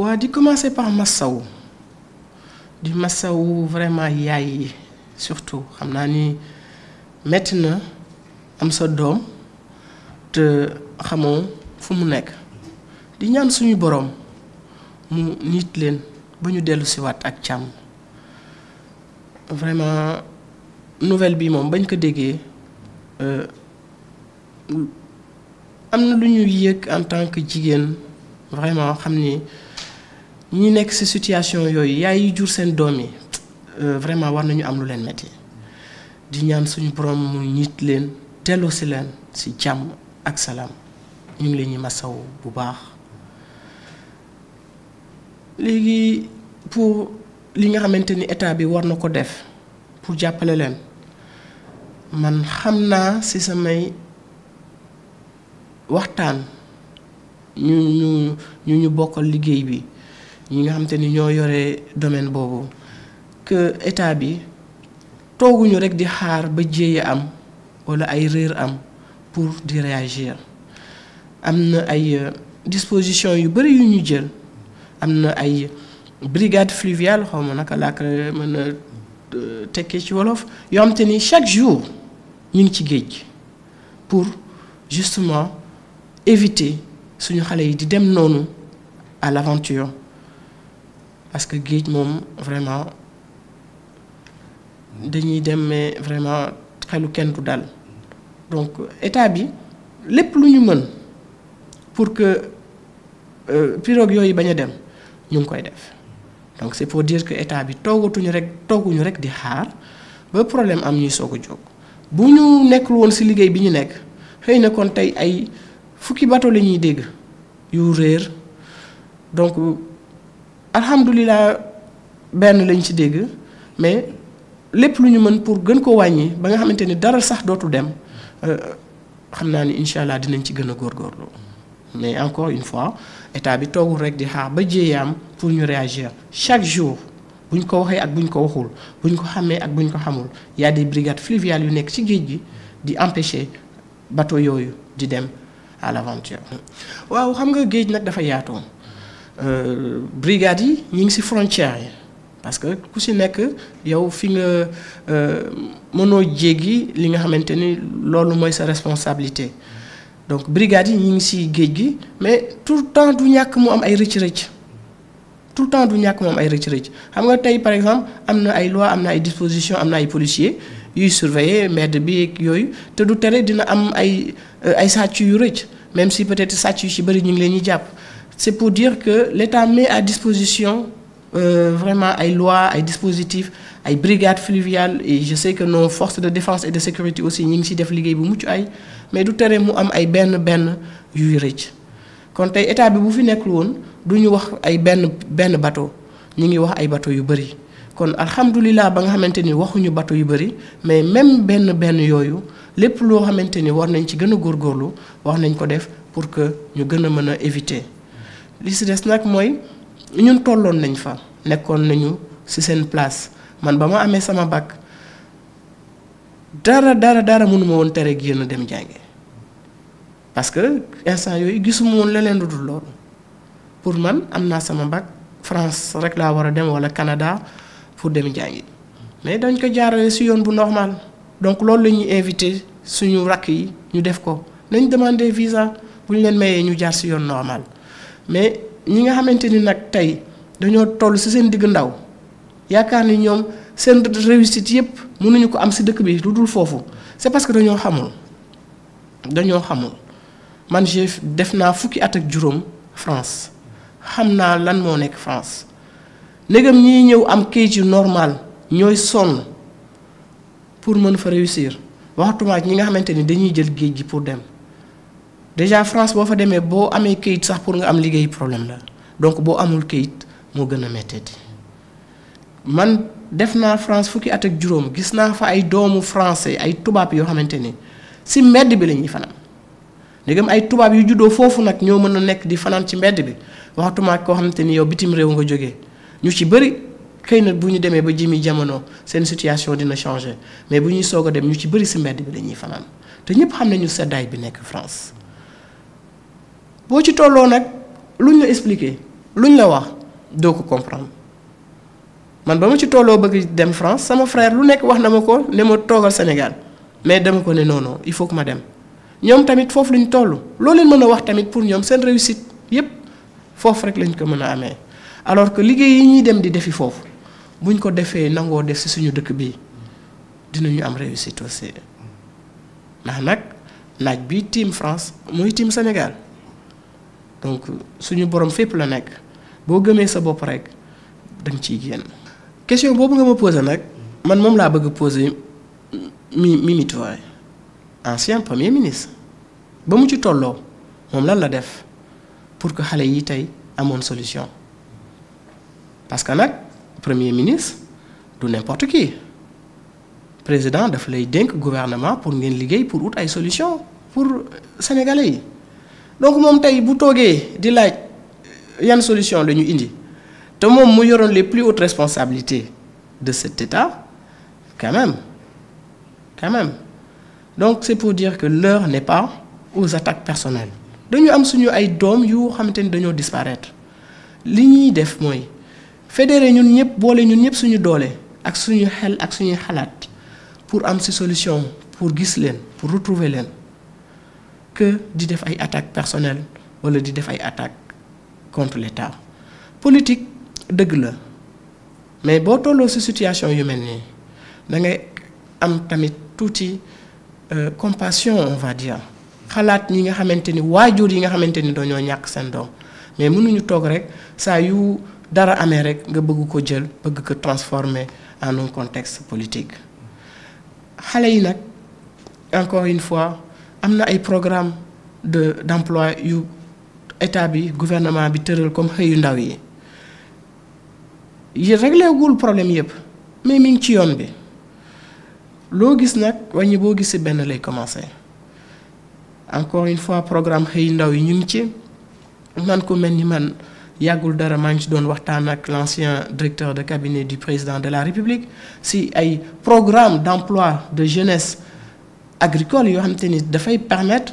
waa di commencer par massawu di massawu vraiment yaay yi surtout xam naa ni metti na am sa doom te xamoo fu mu nekk di ñaan suñu boroom mu nit leen ba ñu dellu siwaat ak càmm vraiment nouvelle bi moom bañ ko déggee euh, am na lu ñu yëg en tant que jigéen vraiment xam ni ñi nekk ci situation yooyu yaay yi jur seen doom yi euh, vraiment war nañu am lu leen metti di ñaan suñu borom mu ñit leen delloo si leen si jàmm ak salaam ñu ngi leen ñi ma masaw bu baax léegi pour li nga xamante ni état bi war na ko def pour jàppale leen man xam naa si samay waxtaan ñu ñu ñu ñu bokkal liggéey bi ñi nga xam ni ñoo yore domaine boobu que état bi tooguñu rek di xaar ba jéeye am wala ay réer am pour di réagir am na ay euh, disposition yu bari yu ñu jël am na ay brigade fluviale xawma naka laa ko mën a euh, tekkee ci wolof yoo xam ni chaque jour ñu ngi ci géej pour justement éviter suñu xale yi di dem noonu à l'aventure parce que géej moom vraiment dañuy dem mais vraiment xelu kenn du dal donc état bi lépp lu ñu mën pour que euh, pirogue yooyu bañ a dem ñu ngi koy def donc c'est pour dire que état bi toogatuñu rek tooguñu rek di xaar ba problème am ñuy soog a jóg bu ñu nekkul woon ci liggéey bi ñu nekk xëy na tey ay. fukki bato la ñuy dégg yu réer donc alhamdulilah benn lañ ci dégg mais lépp lu ñu mën pour gën ko wàññi ba nga xamante ni dara sax dootu dem euh, xam naa ni incha allah dinañ ci gën a góorgóorlu mais encore une fois état bi toogul rek di xaar ba jéeyaam pour ñu réagir chaque jour buñ ko waxee ak buñ ko waxul buñ ko xamee ak buñ ko xamul y a des brigades yu nekk ci géej gi di empêcher bateau yooyu di dem. à l'aventure waaw xam nga géej nag dafa yaatu euh, brigades yi ñu ngi si frontières yi parce que ku si nekk yow fi nga euh, mënoo jéegi li nga xamante ni loolu mooy sa responsabilité donc brigades yi ñu ngi si géej gi mais tout le temps du ñàkk mu am ay rëcc-rëcc tout le temps du ñàkk mu am ay rëcc-rëcc xam nga tey par exemple am na ay loi am na ay dispositions am na ay policiers. yuy surveiller mbedd bi ak yooyu te du tere dina am ay euh, ay sàcc yu rëcc même si peut-être sàcc yu ci bëri ñu ngi leen ñuy jàpp c'est pour dire que l'État met à disposition euh, vraiment ay lois ay dispositifs ay brigades fluviales et je sais que nos force de défense et de sécurité aussi ñi ngi ci def liggéey bu mucc ay mais du tere mu am ay benn benn yuy rëcc kon tey état bi bu fi nekkul woon du ñu wax ay benn benn bateau ñu ngi wax ay bateau yu bëri kon alhamdulilah ba nga xamante ni waxuñu bato yu bëri mais même benn benn yooyu lépp loo xamante ni war nañ ci gën a góorlu wax nañ ko def pour que ñu gën a mën a éviter li si des nag mooy ñun tolloon nañ fa nekkoon nañu ci seen place man ba ma amee sama bac dara dara dara mënuma woon tere génn dem jànge parce que instant yooyu gisuma woon leneen lu dul loolu pour man am naa sama bac France rek laa war a dem walla Canada pour dem jàngi mais dañ ko jaarale si yoon bu normal donc loolu la invité suñu rakk yi ñu def ko nañ demander visa bu ñu leen mayee ñu jaar si yoon normal mais ñi nga xamante ni nag tey dañoo toll si seen digg ndaw yaakaar ni ñoom seen réussite yëpp mënuñu ko am si dëkk bi lu dul foofu c'est parce que dañoo xamul dañoo xamul man j'ai def naa fukki at ak juróom France xam naa lan moo nekk France léegam ñi ñëw am kayit yu normal ñooy sonn pour mën fa réussir waxtumaak ñi nga xamante ni dañuy jël géej gi pour dem déjà France boo fa demee boo amee kayit sax pour nga am liggéey problème la donc boo amul kayit moo gën a méttati man def naa France fukki at ak juróom gis naa fa ay doomu français ay tubaab yoo xamante ni si mbedd bi lañuy ñuy fanaan léegam ay tubaab yu juddoo foofu nag ñoo mën a nekk di fanaan ci mbedd bi waxtumaak koo xamante ni yow bitim réew nga jógee ñu ci bëri xëy na bu ñu demee ba jimi jamono seen situation dina changer mais bu ñuy soog a dem ñu ci bëri si mbedd bi lañuy fanaan te ñëpp xam nañu seddaay bi nekk France boo ci tolloo nag lu luñ la expliquer lu luñ la wax doo ko comprendre man ba ma ci tolloo bëgg dem France sama frère lu nekk wax na ma ko ne ma toogal Sénégal mais dama ko ne non il faut que ma dem ñoom tamit foofu lañ toll loo leen mën a wax tamit pour ñoom seen réussite yépp foofu rek lañ ko mën a amee. alors que liggéey yi ñuy dem di defi foofu buñ ko defee nangoo def si suñu dëkk bi dinañu am réussite aussi ndax nag naaj bi tiim France mooy tiim Sénégal donc suñu borom fépp la nekk boo gëmee sa bopp rek da nga ciy génn. question boobu nga ma posé nag man moom laa bëgg a posé mi Mimi Touré ancien premier ministre ba mu ci tolloo moom lan la def pour que xale yi tey amoon solution. parce que nag premier ministre du n'importe qui président dafa lay dénk gouvernement pour ngeen liggéey pour wut ay solution pour euh, sénégalais yi donc moom tey bu toogee di laaj euh, yan solution la ñu indi te moom mu yoroon les plus hautes responsabilités de cet état quand même quand même donc c'est pour dire que l'heure n'est pas aux attaques personnelles dañu am suñu ay doom yu xamante ni dañoo disparaître li ñuy def mooy fédéré ñun ñëpp boole ñun ñëpp suñu doole ak suñu xel ak suñuy xalaat pour am ci solution pour gis leen pour retrouver leen que di def ay attaques personnelles wala di def ay attaques contre l'État politique dëgg la mais boo tolloo ci situation yu mel nii da ngay am tamit tuuti euh, compassion on va dire xalaat ñi nga xamante ni waajur yi nga xamante ni doo ñoo ñàkk seen doom mais mënuñu toog rek saa yu. dara amee rek nga bëgg ko jël bëgg ko transformer en non contexte politique xale yi nag encore une fois am na ay programme de d'emploi yu état bi gouvernement bi tëral comme xëyu ndaw yi yi wul problème yëpp mais mi ngi ci yoon bi loo gis nag wàññi boo gis ci benn lay commencé encore une fois programme xëyu ndaw yi ñu ngi ci man ko mel ni man yàggul dara maa ngi ci doon waxtaan ak l'ancien directeur de cabinet du président de la République si ay programme d'emploi de jeunesse agricole yoo xamante ni dafay permettre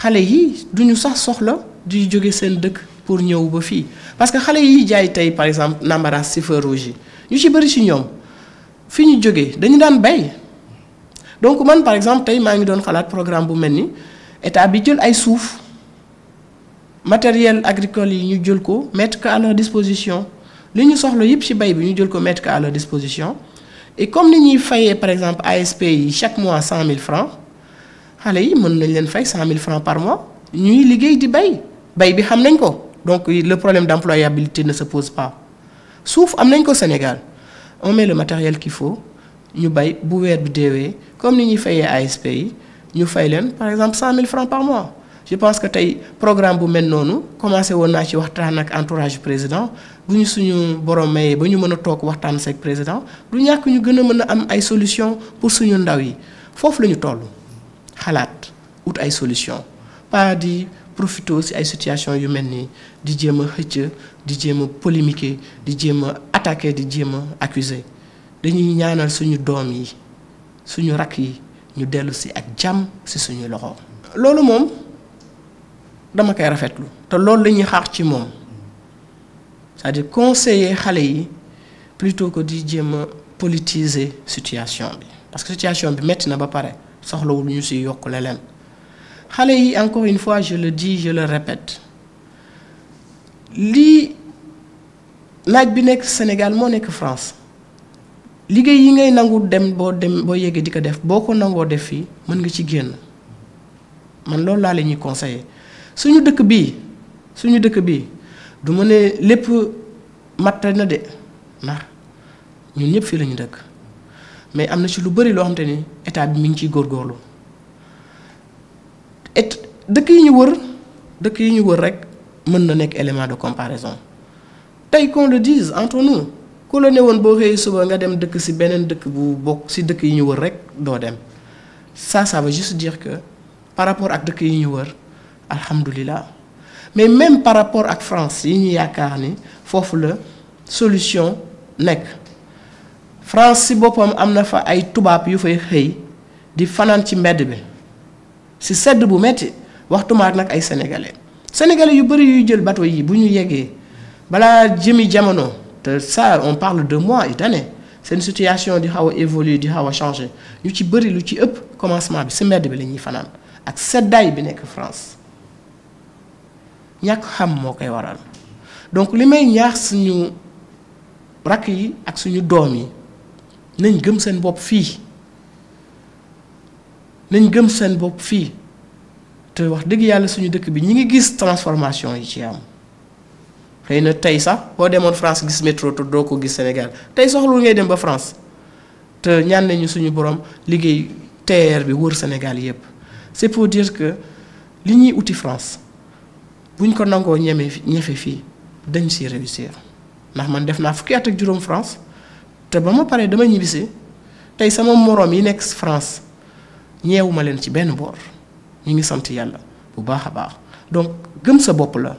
xale yi duñu sax soxla di jóge seen dëkk pour ñëw ba fii parce que xale yi jaay tey par exemple Nambara Chauffeur Rouge yi ñu ci bëri ci ñoom fi ñu jóge dañu daan bay donc man par exemple tey maa ngi doon xalaat programme bu mel ni état bi jël ay suuf. matériel agricole yi ñu jël ko mettre ko à leur disposition li ñu soxla yëpp ci bay bi ñu jël ko mettre ko à leur disposition et comme ni ñuy fayee par exemple ASP yi chaque mois cent mille francs xale yi mën nañ leen fay cent mille francs par mois ñuy liggéey di bay bay bi xam nañ ko donc le problème d'employabilité ne se pose pas suuf am nañ ko Sénégal on met matériel qu'il faut ñu bay bu weer bi deewee comme ni ñuy fayee ASP yi ñu fay leen par exemple cent mille francs je pense que tey programme bu mel noonu commencé woon naa ci waxtaan ak entourage président bu ñu suñu borom mayee ba ñu mën a toog waxtaan seeg président du ñàkk ñu gën a mën a am ay solution pour suñu ndaw yi foofu la ñu toll xalaat wut ay solution pas di profité si ay situation yu mel nii di jéem a xëcc di jéem a polémiquer di jéem a attaquer di jéem a accuser dañuy ñaanal suñu doom yi suñu rakk yi ñu dellu si ak jàmm si suñuy loxo loolu moom. dama koy rafetlu te loolu la ñuy xaar ci moom c'est-à-dire conseiller xale yi plutôt ko di jéem a politiser situation bi parce que situation bi metti na ba pare soxlawul ñu si yokk leneen xale yi encore une fois je le dis je le répète lii naaj bi nekk Sénégal moo nekk France liggéey yi ngay nangu dem boo dem boo yéegee di ko def boo ko nangoo def fii mën nga ci génn man loolu laa la ñuy conseiller suñu dëkk bi suñu dëkk bi du ma ne lépp matte na de ndax ñun ñëpp fii la ñu dëkk mais am na ci lu bëri loo xam ni état bi mi ngi ciy góorgóorlu et dëkk yi ñu wër dëkk yi ñu wër rek mën na nekk élément de comparaison tey qu'on le dise entre nous ku la ne woon boo xëyee suba nga dem dëkk ci beneen dëkk bu bokk ci dëkk yi ñu wër rek doo dem saa ça veut juste dire que par rapport ak dëkk yi ñu wër. alhamdulilah mais même par rapport ak France yi ñu yaakaar ni foofu la solution nekk France si boppam am na fa ay tubaab yu fay xëy di fanaan ci mbedd bi si sedd bu metti waxtumaat nag ay sénégalais sénégalais yu bëri yuy jël bateau yi bu ñu yeggee balaa jëmi jamono te ça on parle de mois et d'années seen situation di xaw a évoluer di xaw a changer ñu ci bëri lu ci ëpp commencement bi si mbedd bi lañuy fanaan ak seddaay bi nekk France. ñàkk xam moo koy waral donc li may ñaax suñu rakk yi ak suñu doom yi nañ gëm seen bopp fii nañ gëm seen bopp fii te wax dëgg yàlla suñu dëkk bi ñi ngi gis transformation yi ci am xëy na tey sax boo demoon France gis métro te doo ko gis Sénégal tey soxlul ngay dem ba France te ñaan nañu suñu borom liggéey TER bi wër Sénégal yépp c'est pour dire que li ñuy uti France. bu buñ ko nangoo ñeme ñefe fii dañ si réussir ndax man def naa fukki at ak juróom France te ba ma paree dama ñibbisee tey sama moroom yi nekk France ñeewu ma leen ci benn boor ñu ngi sant yàlla bu baax a baax donc gëm sa bopp la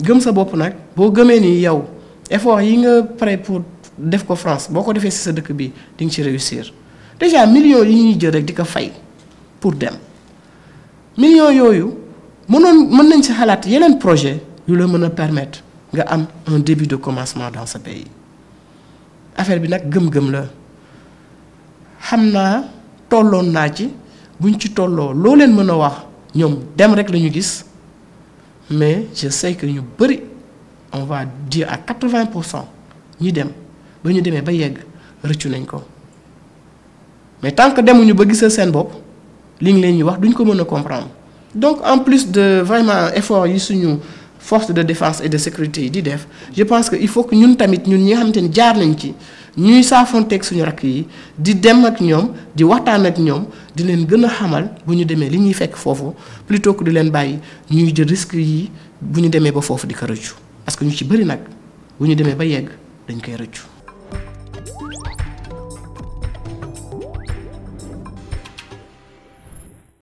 gëm sa bopp nag boo gëmee ni yow effort yi nga pare pour def ko France boo ko defee ci sa dëkk bi di nga ci réussir déjà millions yi ñuy jël rek di ko fay pour dem millions yooyu. mënoon mën nañ si xalaat yeneen projet yu la mën a permettre nga am un début de commencement dans ce pays affaire bi nag gëm-gëm la xam naa tolloon naa ci buñ ci tolloo loo leen mën a wax ñoom dem rek la ñu gis mais je sais que ñu bëri on va dire à quatre-vingt pour cent ñi dem ba ñu demee ba yegg rëccu nañ ko mais tant que demuñu ba gisal seen bopp li ngi leen ñu wax duñ ko mën a comprendre. donc en plus de vraiment effort yi suñu force de défence et de sécurité yi di def je pense que il faut que ñun tamit ñun ñi nga xamante ni jaar nañ ci ñuy saafonteeg suñu rakk yi di dem ak ñoom di waxtaan ak ñoom di leen gën a xamal bu ñu demee li ñuy fekk foofu plutôt que di leen bàyyi ñuy jël risque yi bu ñu demee ba foofu di ko rëccu parce que ñu ci bëri nag bu ñu demee ba yegg dañ koy rëccu.